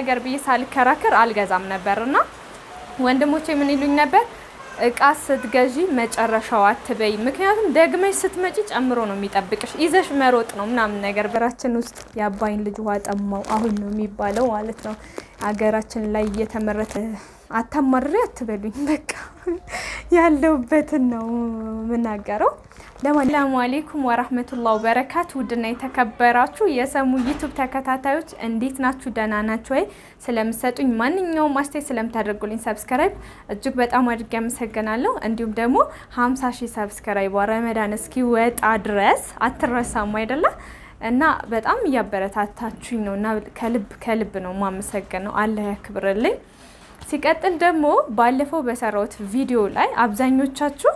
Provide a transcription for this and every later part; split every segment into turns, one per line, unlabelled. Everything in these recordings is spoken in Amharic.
ነገር ብዬ ሳልከራከር አልገዛም እና ወንድሞቼ ምን ይሉኝ ነበር እቃ ስትገዢ መጨረሻው አትበይ፣ ምክንያቱም ደግመሽ ስትመጪ ጨምሮ ነው የሚጠብቅሽ፣ ይዘሽ መሮጥ ነው ምናምን ነገር። በራችን ውስጥ የአባይን ልጅ ውሃ ጠማው አሁን ነው የሚባለው ማለት ነው። አገራችን ላይ እየተመረተ አታማሪ አትበሉኝ። በቃ ያለውበትን ነው የምናገረው። ሰላሙ አሌይኩም ወራህመቱላህ ወበረካቱ። ውድና የተከበራችሁ የሰሙ ዩቱብ ተከታታዮች እንዴት ናችሁ? ደህና ናችሁ ወይ? ስለምሰጡኝ ማንኛውም አስተያየት ስለምታደርጉልኝ ሰብስክራይብ እጅግ በጣም አድርጌ አመሰግናለሁ። እንዲሁም ደግሞ 50 ሺህ ሰብስክራይብ ረመዳን እስኪወጣ ድረስ አትረሳም አይደለም እና በጣም እያበረታታችሁኝ ነው እና ከልብ ከልብ ነው ማመሰግነው። አለ ያክብርልኝ። ሲቀጥል ደግሞ ባለፈው በሰራሁት ቪዲዮ ላይ አብዛኞቻችሁ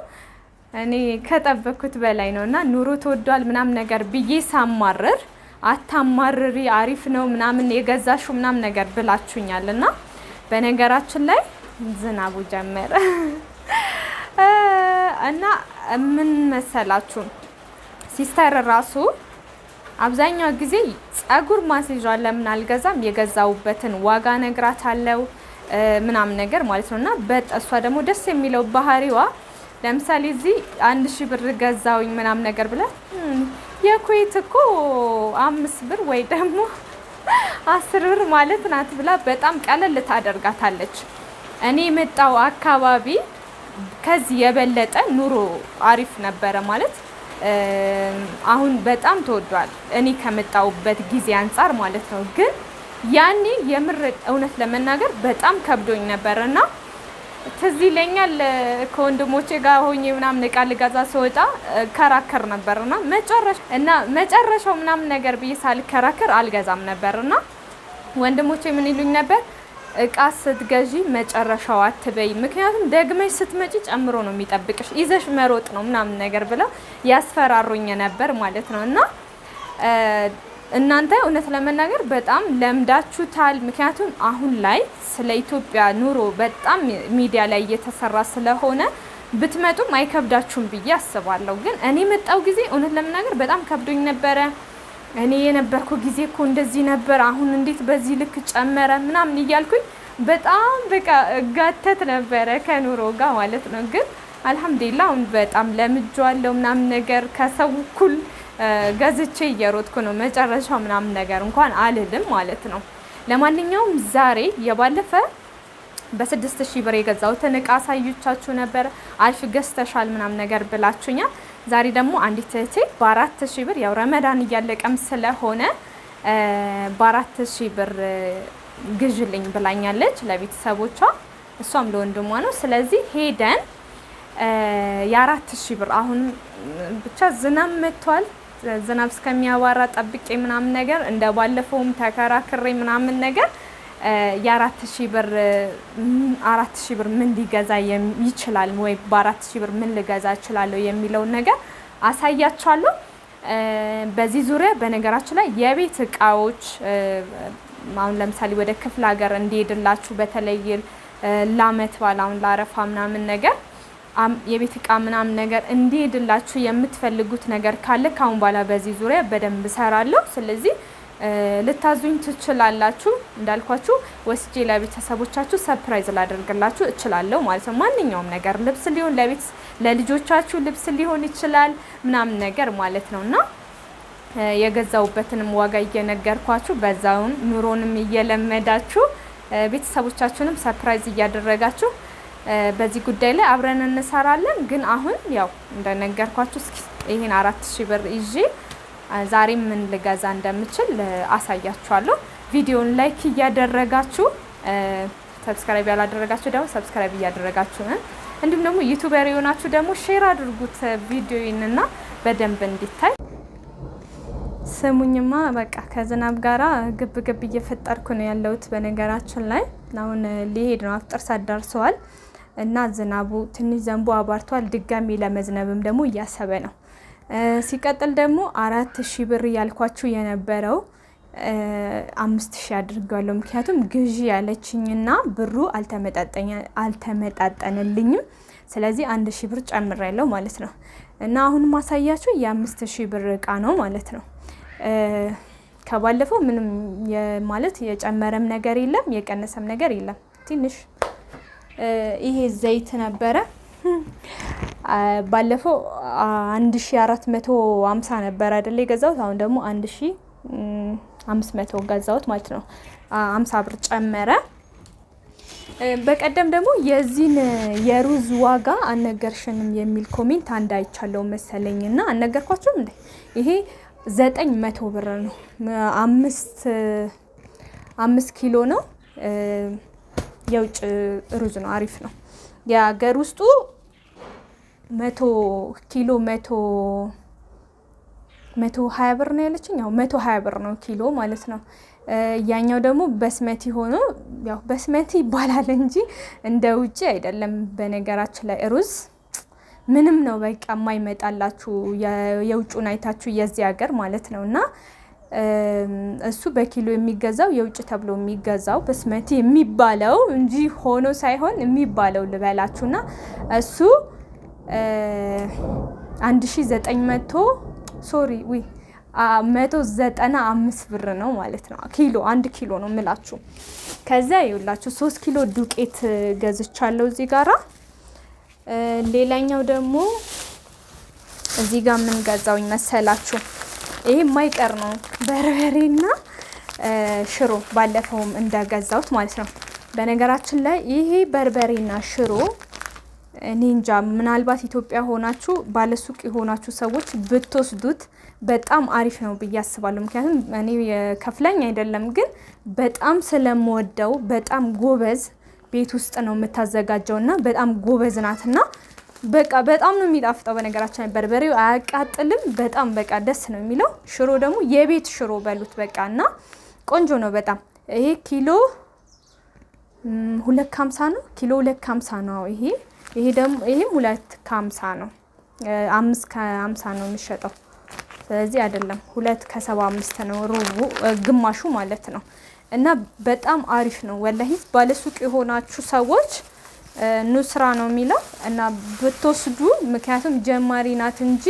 እኔ ከጠበኩት በላይ ነው እና ኑሮ ተወዷል ምናምን ነገር ብዬ ሳማርር አታማርሪ አሪፍ ነው ምናምን የገዛሹ ምናምን ነገር ብላችሁኛል። እና በነገራችን ላይ ዝናቡ ጀመረ እና ምን መሰላችሁ ሲስተር ራሱ አብዛኛው ጊዜ ጸጉር ማስያዣ ለምን አልገዛም የገዛውበትን ዋጋ አለው ምናምን ነገር ማለት ነው። እና በጠሷ ደግሞ ደስ የሚለው ባህሪዋ ለምሳሌ እዚህ አንድ ሺ ብር ገዛውኝ ምናምን ነገር ብላ የኩዌት እኮ አምስት ብር ወይ ደግሞ አስር ብር ማለት ናት ብላ በጣም ቀለል ታደርጋታለች። እኔ የመጣው አካባቢ ከዚህ የበለጠ ኑሮ አሪፍ ነበረ ማለት አሁን በጣም ተወዷል። እኔ ከመጣውበት ጊዜ አንጻር ማለት ነው። ግን ያኔ የምር እውነት ለመናገር በጣም ከብዶኝ ነበር እና ትዝ ይለኛል ከወንድሞቼ ጋር ሆኜ ምናምን እቃ ልገዛ ስወጣ ከራከር ነበር እና መጨረሻ እና መጨረሻው ምናምን ነገር ብዬ ሳልከራከር አልገዛም ነበር እና ወንድሞቼ ምን ይሉኝ ነበር እቃ ስትገዢ መጨረሻው አትበይ፣ ምክንያቱም ደግመሽ ስትመጪ ጨምሮ ነው የሚጠብቅሽ፣ ይዘሽ መሮጥ ነው ምናምን ነገር ብለው ያስፈራሩኝ ነበር ማለት ነው። እና እናንተ እውነት ለመናገር በጣም ለምዳችሁታል። ምክንያቱም አሁን ላይ ስለ ኢትዮጵያ ኑሮ በጣም ሚዲያ ላይ እየተሰራ ስለሆነ ብትመጡም አይከብዳችሁም ብዬ አስባለሁ። ግን እኔ መጣው ጊዜ እውነት ለመናገር በጣም ከብዶኝ ነበረ። እኔ የነበርኩ ጊዜ እኮ እንደዚህ ነበር፣ አሁን እንዴት በዚህ ልክ ጨመረ ምናምን እያልኩኝ በጣም በቃ እጋተት ነበረ ከኑሮ ጋር ማለት ነው። ግን አልሐምዱሊላ አሁን በጣም ለምጄዋለሁ ምናምን ነገር ከሰው እኩል ገዝቼ እየሮጥኩ ነው። መጨረሻው ምናምን ነገር እንኳን አልልም ማለት ነው። ለማንኛውም ዛሬ የባለፈ በስድስት ሺህ ብር የገዛሁትን እቃ አሳዩቻችሁ ነበር አልፍ ገዝተሻል ምናምን ነገር ብላችሁኛል። ዛሬ ደግሞ አንዲት እህቴ በአራት ሺ ብር ያው ረመዳን እያለቀም ስለሆነ በአራት ሺህ ብር ግዥልኝ ብላኛለች ለቤተሰቦቿ፣ እሷም ለወንድሟ ነው። ስለዚህ ሄደን የአራት ሺህ ብር አሁን ብቻ ዝናብ መጥቷል። ዝናብ እስከሚያባራ ጠብቄ ምናምን ነገር እንደ ባለፈውም ተከራክሬ ምናምን ነገር የአራት ሺህ ብር አራት ሺህ ብር ምን ሊገዛ ይችላል ወይ በአራት ሺህ ብር ምን ልገዛ እችላለሁ የሚለውን ነገር አሳያችኋለሁ። በዚህ ዙሪያ በነገራችን ላይ የቤት እቃዎች አሁን ለምሳሌ ወደ ክፍለ ሀገር እንዲሄድላችሁ በተለይ ለአመት በዓል አሁን ለአረፋ ምናምን ነገር የቤት እቃ ምናምን ነገር እንዲሄድላችሁ የምትፈልጉት ነገር ካለ ካሁን በኋላ በዚህ ዙሪያ በደንብ እሰራለሁ። ስለዚህ ልታዙኝ ትችላላችሁ። እንዳልኳችሁ ወስጄ ለቤተሰቦቻችሁ ሰርፕራይዝ ላደርግላችሁ እችላለሁ ማለት ነው። ማንኛውም ነገር ልብስ ሊሆን ለቤት ለልጆቻችሁ ልብስ ሊሆን ይችላል ምናምን ነገር ማለት ነው እና የገዛውበትንም ዋጋ እየነገርኳችሁ በዛውን ኑሮንም እየለመዳችሁ ቤተሰቦቻችሁንም ሰርፕራይዝ እያደረጋችሁ በዚህ ጉዳይ ላይ አብረን እንሰራለን። ግን አሁን ያው እንደነገርኳችሁ እስኪ ይህን አራት ሺህ ብር ይዤ ዛሬ ምን ልገዛ እንደምችል አሳያችኋለሁ። ቪዲዮን ላይክ እያደረጋችሁ ሰብስክራይብ ያላደረጋችሁ ደግሞ ሰብስክራይብ እያደረጋችሁ ነን። እንዲሁም ደግሞ ዩቱበር የሆናችሁ ደግሞ ሼር አድርጉት ቪዲዮንና በደንብ እንዲታይ። ስሙኝማ በቃ ከዝናብ ጋራ ግብ ግብ እየፈጠርኩ ነው ያለሁት። በነገራችን ላይ አሁን ሊሄድ ነው፣ አፍጥር ሰዓት እና ዝናቡ ትንሽ ዘንቦ አባርቷል። ድጋሚ ለመዝነብም ደግሞ እያሰበ ነው ሲቀጥል ደግሞ አራት ሺ ብር ያልኳችሁ የነበረው አምስት ሺ አድርገዋለሁ። ምክንያቱም ግዢ ያለችኝና ብሩ አልተመጣጠንልኝም። ስለዚህ አንድ ሺ ብር ጨምር ያለው ማለት ነው እና አሁን ማሳያችሁ የአምስት ሺ ብር እቃ ነው ማለት ነው። ከባለፈው ምንም ማለት የጨመረም ነገር የለም የቀነሰም ነገር የለም። ትንሽ ይሄ ዘይት ነበረ ባለፈው አንድ ሺ አራት መቶ አምሳ ነበር አይደለ የገዛሁት። አሁን ደግሞ አንድ ሺ አምስት መቶ ገዛሁት ማለት ነው። አምሳ ብር ጨመረ። በቀደም ደግሞ የዚህን የሩዝ ዋጋ አነገርሽንም የሚል ኮሜንት አንድ አይቻለው መሰለኝ እና አነገርኳቸውም እንዴ? ይሄ ዘጠኝ መቶ ብር ነው። አምስት አምስት ኪሎ ነው። የውጭ ሩዝ ነው። አሪፍ ነው። የሀገር ውስጡ መቶ ኪሎ መቶ መቶ ሀያ ብር ነው ያለችኝ። ያው መቶ ሀያ ብር ነው ኪሎ ማለት ነው። ያኛው ደግሞ በስመቲ ሆኖ ያው በስመቲ ይባላል እንጂ እንደ ውጭ አይደለም። በነገራችን ላይ ሩዝ ምንም ነው በቃ የማይመጣላችሁ የውጭን አይታችሁ የዚህ ሀገር ማለት ነው። እና እሱ በኪሎ የሚገዛው የውጭ ተብሎ የሚገዛው በስመቲ የሚባለው እንጂ ሆኖ ሳይሆን የሚባለው ልበላችሁ ልበላችሁና እሱ አንድ ሺ ዘጠኝ መቶ ሶሪ ዊ መቶ ዘጠና አምስት ብር ነው ማለት ነው። ኪሎ አንድ ኪሎ ነው ምላችሁ። ከዚያ ይውላችሁ ሶስት ኪሎ ዱቄት ገዝቻለሁ እዚህ ጋራ። ሌላኛው ደግሞ እዚህ ጋር የምንገዛው ይመሰላችሁ ይሄ የማይቀር ነው በርበሬና ሽሮ ባለፈውም እንደገዛሁት ማለት ነው። በነገራችን ላይ ይሄ በርበሬና ሽሮ እኔ እንጃ ምናልባት ኢትዮጵያ ሆናችሁ ባለሱቅ የሆናችሁ ሰዎች ብትወስዱት በጣም አሪፍ ነው ብዬ አስባለሁ። ምክንያቱም እኔ ከፍለኝ አይደለም፣ ግን በጣም ስለምወደው በጣም ጎበዝ ቤት ውስጥ ነው የምታዘጋጀው እና በጣም ጎበዝ ናትና በቃ በጣም ነው የሚጣፍጠው። በነገራችን በርበሬው አያቃጥልም። በጣም በቃ ደስ ነው የሚለው። ሽሮ ደግሞ የቤት ሽሮ በሉት በቃ እና ቆንጆ ነው በጣም ይሄ ኪሎ ሁለት ከሀምሳ ነው ኪሎ ሁለት ከሀምሳ ነው ይሄ ይሄ ደግሞ ይሄም ሁለት ከሀምሳ ነው፣ አምስት ከሀምሳ ነው የሚሸጠው። ስለዚህ አይደለም ሁለት ከሰባ አምስት ነው ሩቡ ግማሹ ማለት ነው። እና በጣም አሪፍ ነው ወላሂ። ባለሱቅ የሆናችሁ ሰዎች ኑስራ ነው የሚለው እና ብትወስዱ፣ ምክንያቱም ጀማሪ ናት እንጂ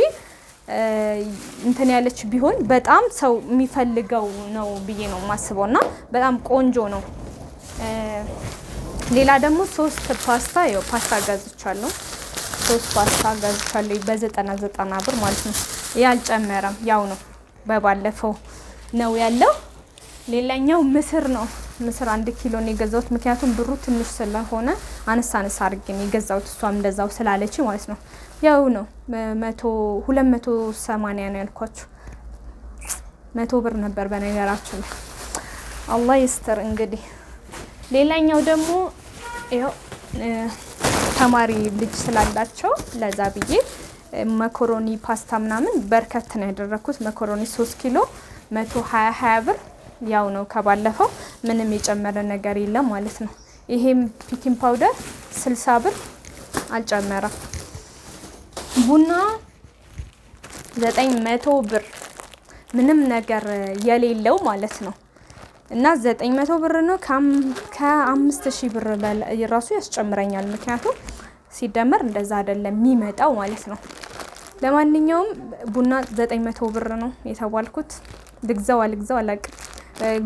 እንትን ያለች ቢሆን በጣም ሰው የሚፈልገው ነው ብዬ ነው የማስበው። እና በጣም ቆንጆ ነው። ሌላ ደግሞ ሶስት ፓስታ ያው ፓስታ ገዝቻለሁ። ሶስት ፓስታ ገዝቻለሁ በ99 ብር ማለት ነው። ያልጨመረም ያው ነው በባለፈው ነው ያለው። ሌላኛው ምስር ነው። ምስር አንድ ኪሎ ነው የገዛሁት፣ ምክንያቱም ብሩ ትንሽ ስለሆነ አነሳ አነሳ አድርጌ ነው የገዛሁት። እሷም እንደዛው ስላለች ማለት ነው። ያው ነው መቶ ሁለት መቶ ሰማንያ ነው ያልኳችሁ። መቶ ብር ነበር በነገራችን ላይ። አላህ ይስጥር። እንግዲህ ሌላኛው ደግሞ ይኸው ተማሪ ልጅ ስላላቸው ለዛ ብዬ መኮሮኒ ፓስታ ምናምን በርከት ነው ያደረግኩት። መኮሮኒ ሶስት ኪሎ መቶ ሀያ ሀያ ብር ያው ነው ከባለፈው ምንም የጨመረ ነገር የለም ማለት ነው። ይሄም ፒኪን ፓውደር ስልሳ ብር አልጨመረም። ቡና ዘጠኝ መቶ ብር ምንም ነገር የሌለው ማለት ነው። እና 900 ብር ነው። ከ5000 ብር በላይ ራሱ ያስጨምረኛል። ምክንያቱም ሲደመር እንደዛ አይደለም የሚመጣው ማለት ነው። ለማንኛውም ቡና 900 ብር ነው የተባልኩት። ልግዛው አልግዛው አላቅም፣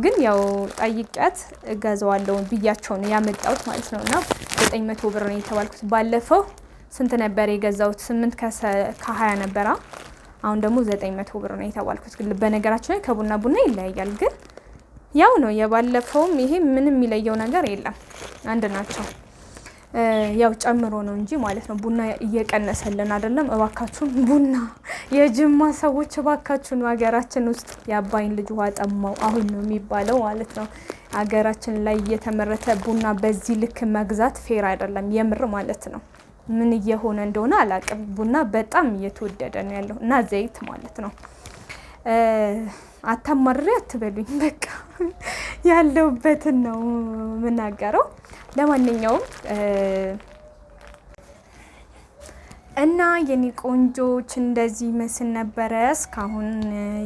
ግን ያው ጠይቂያት እገዛዋለሁ ብያቸው ነው ያመጣሁት ማለት ነው። እና 900 ብር ነው የተባልኩት። ባለፈው ስንት ነበር የገዛሁት? 8 ከ20 ነበራ። አሁን ደግሞ 900 ብር ነው የተባልኩት። በነገራችን ላይ ከቡና ቡና ይለያያል ግን ያው ነው የባለፈውም። ይሄ ምንም የሚለየው ነገር የለም፣ አንድ ናቸው። ያው ጨምሮ ነው እንጂ ማለት ነው። ቡና እየቀነሰልን አይደለም። እባካችሁን ቡና የጅማ ሰዎች እባካችሁን፣ ሀገራችን ውስጥ የአባይን ልጅ ውሃ ጠማው አሁን ነው የሚባለው ማለት ነው። ሀገራችን ላይ እየተመረተ ቡና በዚህ ልክ መግዛት ፌር አይደለም፣ የምር ማለት ነው። ምን እየሆነ እንደሆነ አላቅም። ቡና በጣም እየተወደደ ነው ያለው እና ዘይት ማለት ነው አታማሪ አትበሉኝ። በቃ ያለውበትን ነው የምናገረው። ለማንኛውም እና የኔ ቆንጆች እንደዚህ መስል ነበረ። እስካሁን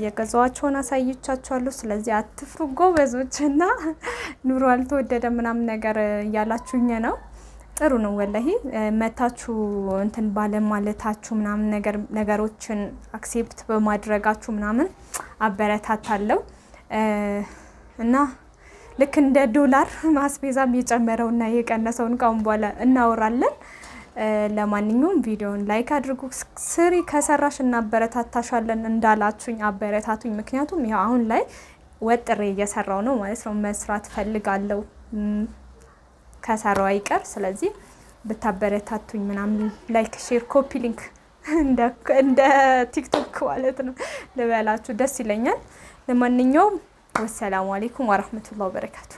የገዛዋቸውን አሳይቻችኋለሁ። ስለዚህ አትፍሩ ጎበዞች። እና ኑሮ አልተወደደ ምናምን ነገር እያላችሁኝ ነው ጥሩ ነው ወላሂ መታችሁ እንትን ባለማለታችሁ ምናምን ነገር ነገሮችን አክሴፕት በማድረጋችሁ ምናምን አበረታታለው እና ልክ እንደ ዶላር ማስቤዛም የጨመረውና የቀነሰውን ካሁን በኋላ እናወራለን። ለማንኛውም ቪዲዮን ላይክ አድርጉ። ስሪ ከሰራሽ እናበረታታሻለን እንዳላችሁኝ አበረታቱኝ። ምክንያቱም ይኸው አሁን ላይ ወጥሬ እየሰራው ነው ማለት ነው። መስራት ፈልጋለው። ከሰራው አይቀር ስለዚህ ብታበረታቱኝ ምናምን ላይክ ሼር ኮፒ ሊንክ እንደ ቲክቶክ ማለት ነው ልበላችሁ ደስ ይለኛል። ለማንኛውም ወሰላሙ አሌይኩም ወረህመቱላህ በረካቱ